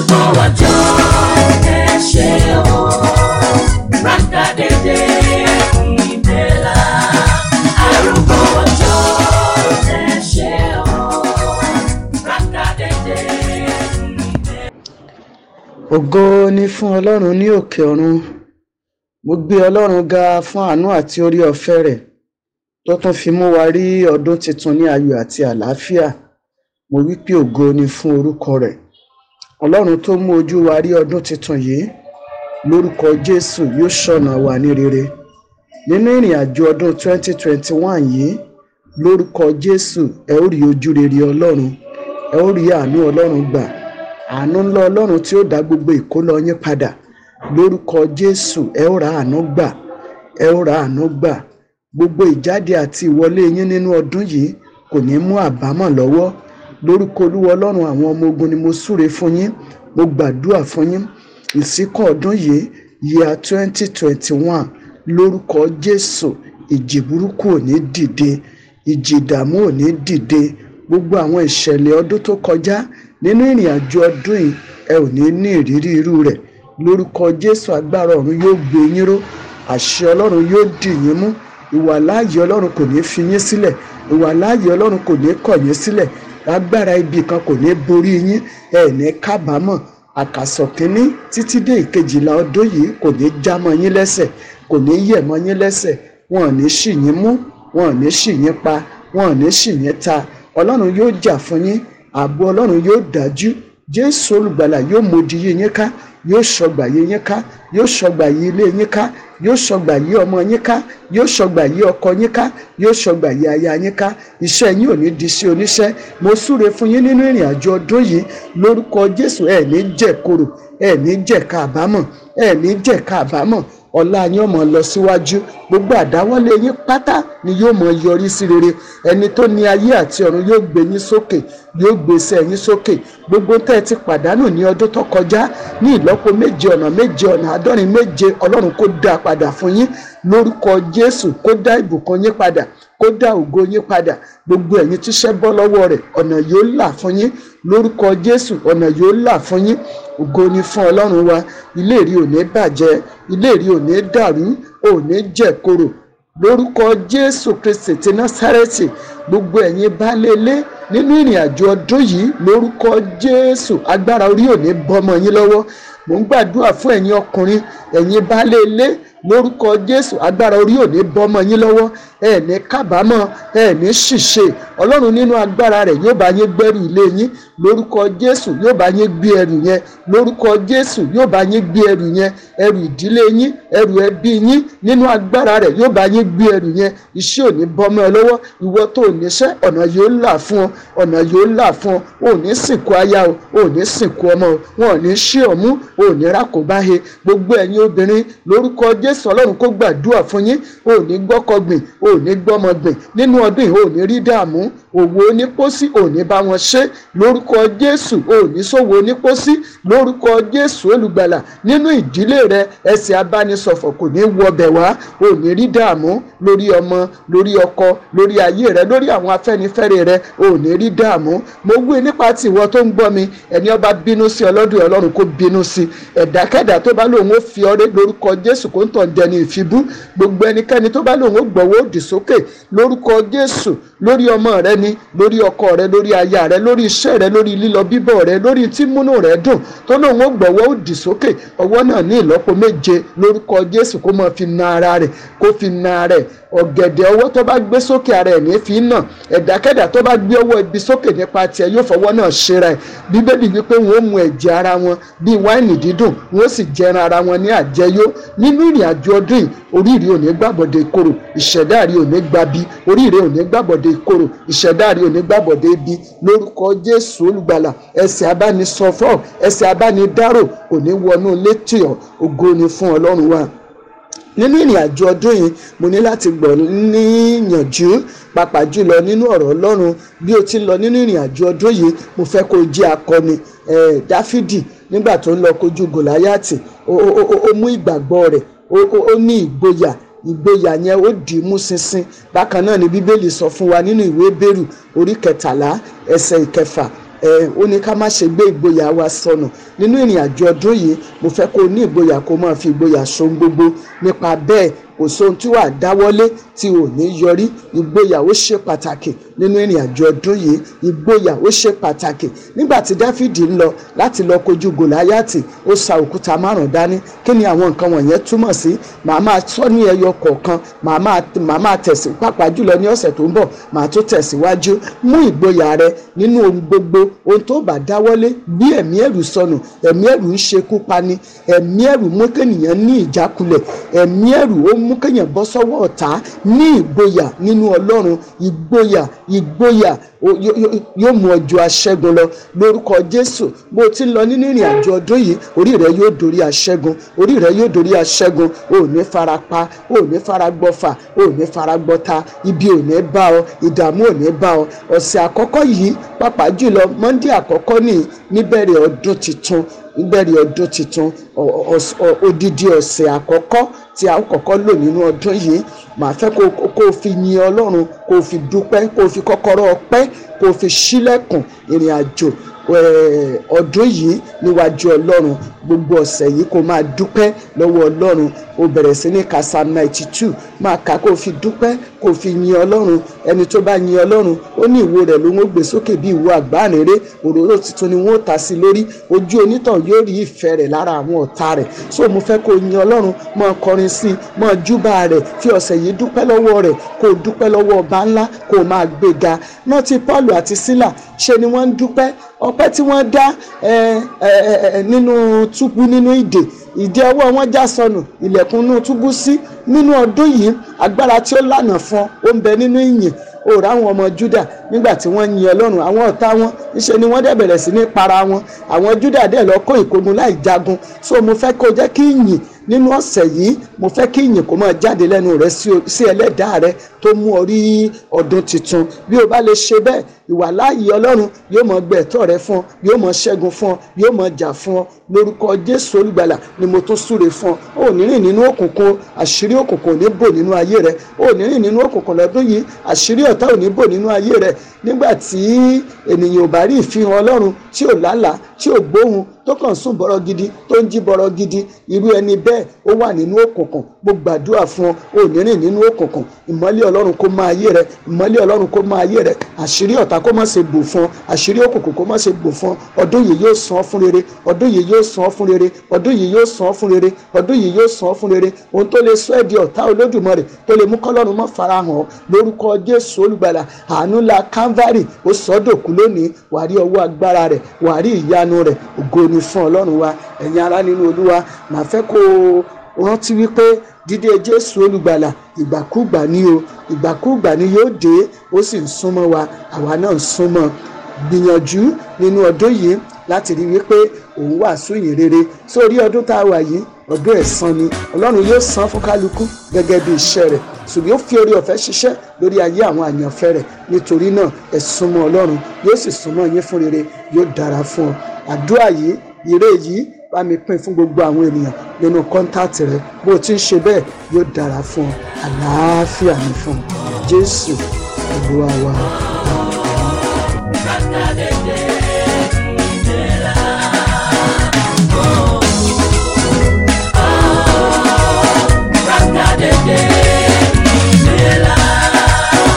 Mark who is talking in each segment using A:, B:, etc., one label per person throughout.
A: gbogbo ọjọ́ ẹ ṣe o rádàdédé ìbẹ̀là arúgbó ọjọ́ ẹ ṣe o rádàdédé ìbẹ̀là. ògo ni fún ọlọ́run ní òkè ọ̀run mo gbé ọlọ́run ga fún àánú àti orí ọ̀fẹ́ rẹ̀ tó tún fi mú wa rí ọdún tuntun ní ayọ̀ àti àlàáfíà mo wí pé ògo ni fún orúkọ rẹ̀ ọlọ́run tó mú ojú wa rí ọdún tuntun yìí lórúkọ jésù yóò ṣọ̀nà wa ní rere nínú ìrìn àjò ọdún 2021 yìí lórúkọ jésù ẹ ó rí ojú rere ọlọ́run ẹ ó rí àánú ọlọ́run gbà àánú ńlá ọlọ́run tí ó dá gbogbo ìkólọ yín padà lórúkọ jésù ẹ ó ra àánú gbà ẹ ó ra àánú gbà gbogbo ìjáde àti ìwọlé yín nínú ọdún yìí kò ní mú àbámọ̀ lọ́wọ́ lórúkọ olúwa ọlọ́run àwọn ọmọ ogun ni mo súre fún yín mo gbàdúrà fún yín ìsìnkọ́ ọdún yìí yíya twenty twenty one lórúkọ jésù ìjì burúkú ò ní dìde ìjì ìdààmú ò ní dìde gbogbo àwọn ìṣẹ̀lẹ̀ ọdún tó kọjá nínú ìrìn àjò ọdún yìí ẹ ò ní ní ìrírí irú rẹ̀ lórúkọ jésù agbára ọ̀run yóò gbé yín ró àṣẹ ọlọ́run yóò dì yín mú ìwà láàyè ọlọ́run kò ní fi yín sílẹ̀ ìwà láàyè ọlọ́run kò ní kọ̀ yín sílẹ̀ agbára ibi kan kò ní borí yín ẹ ní kábàámọ̀ àkàsọ̀ kínní títí dé ìkejìlá ọdún yìí kò ní já mọ́ yín lẹ́sẹ̀ kò ní yẹ̀ mọ́ yín lẹ́sẹ̀ wọn ò ní ṣì yín mú wọn ò ní ṣì yín pa wọn ní ṣì yín ta ọlọ́run yóò jà fún yín ààbò ọlọ́run yóò dájú jésù olùgbàlà yóò mòdì yín ká yóò sọgbà yé yín ká yóò sọgbà yé ilé yín ká yóò sọgbà yé ọmọ yín ká yóò sọgbà yé ọkọ yín ká yóò sọgbà yé aya yín ká iṣẹ́ yín ò ní di sí oníṣẹ́ mo súre fún yín nínú ìrìn àjò ọdún yìí lórúkọ Jésù ẹ ní jẹ korò ẹ ní jẹ kábàámọ̀ ẹ ní jẹ kábàámọ̀ ọlá yín ọmọ lọ síwájú gbogbo àdáwọ́lé yín pátá ni yóò mọ yọrí sí rere ẹni tó ní ayé àti ọ̀run yóò gbé yín sókè yóò gbèsè yín sókè gbogbo tẹ́ ẹ ti pàdánù ní ọdún tó kọjá ní ìlọ́po méje ọ̀nà méje ọ̀nà àádọ́rin méje ọlọ́run kó dá padà fún yín lórúkọ jésù kó dá ìbùkún yín padà kó dá ògo yín padà gbogbo ẹ̀yin tíṣẹ́ bọ́ lọ́wọ́ rẹ̀ ọ̀nà yóò là fún yín lórúkọ jésù ọ̀nà yóò là fún yín ògo ni fún ọlọ́run wa ìlérí ò ní bàjẹ́ ìlérí ò ní dàrú ò ní jẹ̀korò lórúkọ jésù kristi ti násárẹ́tì gbogbo ẹ̀yin baálé ilé nínú ìrìn àjò ọdún yìí lórúkọ jésù agbára orí ò ní bọ́mọ yín lọ́wọ́ mò ń gbàdúrà fún ẹ̀yin ọkùnrin ẹ̀yin baálé lórúkọ jésù agbára orí òní bọ́mọ yín lọ́wọ́ ẹ ní kábàámọ̀ ẹ ní ṣìṣe ọlọ́run nínú agbára rẹ̀ yóò bá yín gbẹ́rù ilé yín lórúkọ jésù yóò bá yín gbé ẹrù yẹn lórúkọ jésù yóò bá yín gbé ẹrù yẹn ẹrù ìdílé yín ẹrù ẹbí yín nínú agbára rẹ̀ yóò bá yín gbé ẹrù yẹn iṣẹ́ òní bọ́mọ lọ́wọ́ ìwọ tó níṣẹ́ ọ̀nà yóò là fún ọ ọ̀nà yóò là fún ọ ò sìnkú aya o ò sìnkú ọmọ o wọn ò ní ṣí ọmú ò ní rákòbáhe gbogbo ẹ̀yin obìnrin lórúkọ jésù jésù ọlọ́run kó gbàdúrà fún yín ò ní gbọ́kọ̀gbìn ò ní gbọ́mọgbìn nínú ọdún yìí ò rí dààmú òwò onípósí òní bá wọn ṣe lórúkọ jésù òní ṣòwò onípósí lórúkọ jésù olùgbàlà nínú ìdílé rẹ ẹsẹ̀ abánisọ̀fọ̀ kò ní wọbẹ̀ wá òní rí dààmú lórí ọmọ lórí ọkọ lórí ayé rẹ lórí àwọn afẹ́nifẹ́re rẹ òní rí dààmú mo wí nípa tìwọ tó ń gbọ́ mi ẹni ọba bínú sí ọlọ́dún ọlọ́run kó bínú sí ẹ̀dákẹ́dà tó bá lóun ó fi ọrẹ lórúkọ jésù kó ń tàn jẹni ìfibú gbogbo ẹnikẹ́ni tó bá lóun ó gbọ́wọ́ òdì sókè lórúkọ jésù lórí ọmọ rẹ ni lórí ọkọ rẹ lórí aya rẹ lórí iṣẹ́ rẹ lórí lílọ bíbọ̀ rẹ lórí tímúnú rẹ dùn tó lóun ó gbọ́wọ́ ó sókè ọwọ́ náà ní ìlọ́po méje lórúkọ Jésù kó máa fi na ara rẹ̀ kó fi na ara rẹ̀ ọ̀gẹ̀dẹ̀ ọwọ́ tó bá gbé sókè ara ẹ̀ ní fi nà ẹ̀dákẹ́dà tó bá gbé ọwọ́ ibi sókè nípa tiẹ̀ yóò fọwọ́ náà ṣera ẹ̀ bíbélì wípé wọn ó mu ẹ̀jẹ̀ ara wọn bíi wáìnì dídùn wọn ó sì jẹran ara wọn ní àjẹyó nínú ìrìn àjò ọdún yìí oríire ò ní gbàbọ̀dé ìkorò ìṣẹ̀dá rí ò ní gbabi oríire ò ní gbàbọ̀dé ìkorò ìṣẹ̀ ìṣẹ̀dáàrí onígbàbọ̀dé ibi lórúkọ jésù olùgbàlà ẹsẹ̀ abánisọ̀fọ̀ ẹsẹ̀ abánidárò kò ní wọnú létí ọ̀ ògo ni fún ọlọ́run wa nínú ìrìn àjò ọdún yìí mo ní láti gbọ́ níyànjú pàápàá jùlọ nínú ọ̀rọ̀ ọlọ́run bí o ti ń lọ nínú ìrìn àjò ọdún yìí mo fẹ́ kó o jẹ́ akọni dáfídì nígbà tó ń lọ kojú gòláyàtì ó mú ìgbàgbọ́ rẹ̀ ó ní ìgboyà ìgboyà yẹn ó dì í mú ṣinṣin bákan náà ni bíbélì sọ fún wa nínú ìwé bẹ́rù orí kẹtàlá ẹsẹ̀ ìkẹfà ẹ ó ní ká má ṣe gbé ìgboyà wa sọnù nínú ìrìn àjò ọdún yìí mo fẹ́ kó o ní ìgboyà kó o máa fi ìgboyà ṣohun gbogbo nípa bẹ́ẹ̀ kò sóhun tí wàá dáwọ́lé tí ò ní yọrí ìgbéyàwó ṣe pàtàkì nínú ìrìn àjò ọdún yìí ìgbéyàwó ṣe pàtàkì nígbà tí dáfídì ń lọ láti lọ kojú gòláyàtì ó sa òkúta márùn dání kí ni àwọn nǹkan wọ̀nyẹn túmọ̀ sí màá máa sọ ní ẹyọ kọ̀ọ̀kan màá máa tẹ̀sí pàápàá jùlọ ní ọ̀sẹ̀ tó ń bọ̀ màá tó tẹ̀síwájú mú ìgboyà rẹ nínú ohun gbogbo ohun tó bá dáwọ́lé bí ẹ̀mí ẹ̀rù sọnù ẹ̀mí ẹ̀rù ń ṣekú pani ẹ̀mí ẹ̀rù mú kéèyàn ní ìjákulẹ̀ ẹ̀mí ẹ̀rù ó mú mú kéèyàn bọ́ sọ́wọ́ ọ̀tá ní ìgboyà nínú ọlọ́run ìgboyà ìgboyà yóò mú ọjọ́ aṣẹ́gun lọ lórúkọ jésù bó ti ń lọ nínú ìrìn àjò ọdún yìí orí rẹ yóò dorí aṣẹ́gun orí rẹ yóò dorí aṣẹ́gun ò ní fara pa ò ní fara gbọ́fà ò ní fara gbọ́ta ibi ò ní bá ọ ìdààmú ò ní bá ọ ọ̀sẹ̀ àkọ́kọ́ yìí pàápàá jùlọ mọ́ndé àkọ́kọ́ ní níbẹ̀rẹ̀ ọdún tuntun níbẹ̀rẹ̀ ọdún tuntun odidi ọ̀sẹ̀ àkọ́kọ́ tí a kọ́kọ́ lò nínú ọdún yìí màá fẹ́ kó kó fi yin ọlọ́run kó fi dúpẹ́ kó fi kọ́kọ́rọ́ ọpẹ́ kó fi ṣílẹ̀kùn ìrìn àjò ọdún yìí níwájú ọlọ́run gbogbo ọ̀sẹ̀ yìí kó máa dúpẹ́ lọ́wọ́ ọlọ́run o bẹ̀rẹ̀ sí ní ka psalm ninety two máa kà kó fi dúpẹ́ kó fi yin ọlọ́run ẹni tó bá yin ọlọ́run ó ní ìwo rẹ̀ ló ń gbé sókè bí ìwo àgbáàrere òróró tuntun ni wọ́n ta sí lórí ojú onítàn yóò rí ìfẹ́ rẹ̀ lára àwọn ọ̀tá rẹ̀ so mo fẹ́ kó yin ọlọ́run máa kọrin sí i máa júbà rẹ̀ fi ọ̀sẹ̀ yìí dúpẹ́ lọ́wọ́ rẹ̀ kó dúpẹ́ lọ́wọ́ ọba ńlá kó máa gbéga náà ti paul àti sílà ṣe ni wọ́n ń dúpẹ́ ọpẹ́ tí wọ́n dá nínú túbú nínú ìdè ìdè ọwọ́ wọn já sọnù ilẹ̀kùn inú túbú sí nínú ọdún yìí agbára tí ó lànà fún ó ń bẹ nínú ìyìn òòrà àwọn ọmọ Júdà nígbà tí wọ́n yin Ọlọ́run àwọn ọ̀tá wọn ńṣe ni wọ́n dẹ̀ bẹ̀rẹ̀ sí ní para wọn àwọn Júdà dẹ̀ lọ kó ìkógun láì jagun so mo fẹ́ kó jẹ́ kí ìyìn nínú ọ̀sẹ̀ yìí mo fẹ́ kí ìyìn kó máa jáde lẹ́nu rẹ sí ẹlẹ́dàá rẹ tó mú ọ rí ọdún tuntun bí o bá lè ṣe bẹ́ẹ̀ ìwàláàyè ọlọ́run yóò mọ gbẹ ẹ̀tọ́ rẹ fún ọ yóò mọ ṣẹ́gun fún ọ yóò mọ jà fún ọ lórúkọ jésù olùgbàlà ni mo tó súre fún ọ ò ní nínú òkùnkùn àṣírí òkùnkùn ò ní bò nínú ayé rẹ ò ní nínú òkùnkùn lọ́dún yìí àṣírí ọ̀tá ò ní bò nínú ayé rẹ nígbà tí ènìyàn ò bá rí ìfihàn ọlọ́run tí ò lálàá tí ò gbóhùn tó kàn sùn bọ̀rọ̀ gidi tó ń jí bọ̀rọ̀ gidi irú ẹni bẹ́ẹ̀ ó wà nínú òkùnkùn mo gbàdúrà fún ọ ò ní rìn nínú òkùnkùn ìmọ́lẹ̀ ọlọ́run kó máa ayé rẹ ìmọ́lẹ̀ ọlọ́run kó máa ayé rẹ àṣírí ọ̀tá kó má ṣe bò fún àṣírí òkùnkùn kó má ṣe bò fún ọdún yìí yóò san fún rere ọdún yìí yóò san fún rere ọdún yìí yóò san fún rere ọdún yìí yóò san fún rere ohun tó lè sọ ẹ̀dì ọ̀tá Olódùmarè tó lè mú kọ́lọ́run mọ́ farahàn ọ́ lórúkọ Jésù olùgbàlà àánú la Calvary ó sọ́dọ̀kú lónìí wàá rí ọwọ́ agbára rẹ̀ wàá rí ìyanu rẹ̀ ògo ni fún Ọlọ́run wa ẹ̀yin ará nínú Olúwa màá fẹ́ kó rántí wípé dídé jésù olùgbàlà ìgbàkúgbà ni o ìgbàkúgbà ni yóò dé ó sì ń súnmọ́ wa àwa náà ń súnmọ́ gbìyànjú nínú ọdún yìí láti rí wípé òun wàásù yìí rere sórí ọdún tá a wà yìí ọdún ẹ̀san ni ọlọ́run yóò san fún kálukú gẹ́gẹ́ bí iṣẹ́ rẹ̀ ṣùgbọ́n yóò fi orí ọ̀fẹ́ ṣiṣẹ́ lórí ayé àwọn àyànfẹ́ rẹ̀ nítorí náà ẹ súnmọ́ ọlọ́run yóò sì súnmọ́ yín fún rere yóò dára fún ọ àdúrà yìí ire yìí bá mi pín fún gbogbo àwọn ènìyàn nínú kọ́ńtàtì rẹ bó o ti ń ṣe bẹ́ẹ̀ yóò dára fún ọ àlàáfíà ni fún ọ jésù olúwa wa.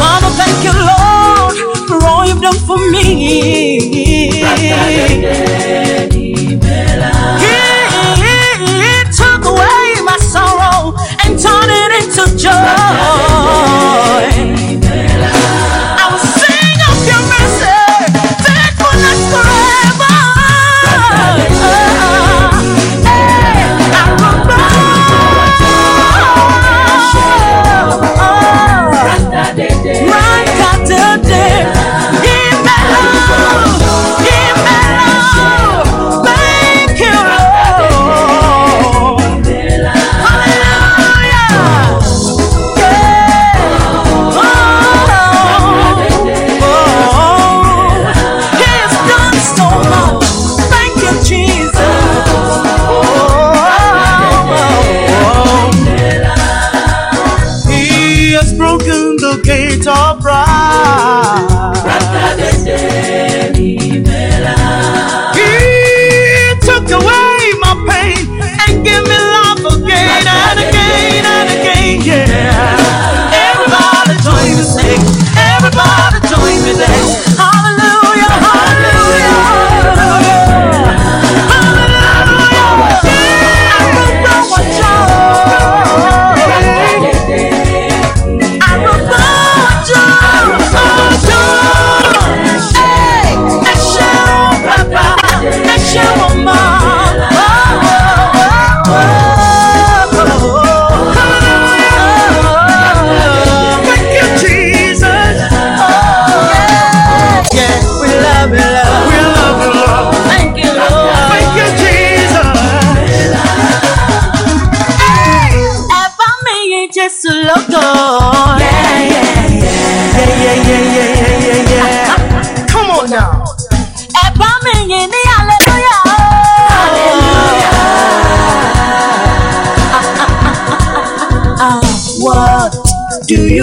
A: Mama, thank you, Lord, for all you've done for me.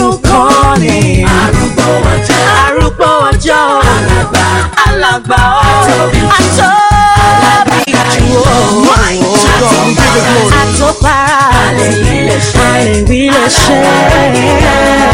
A: orúkọ ni. arúgbó ọjọ́ arúgbó ọjọ́ alàgbà alàgbà ọ̀ àtọ́ àbíjú ọ̀ àtọ́para àlèrí lè ṣe àlèrí lè ṣe.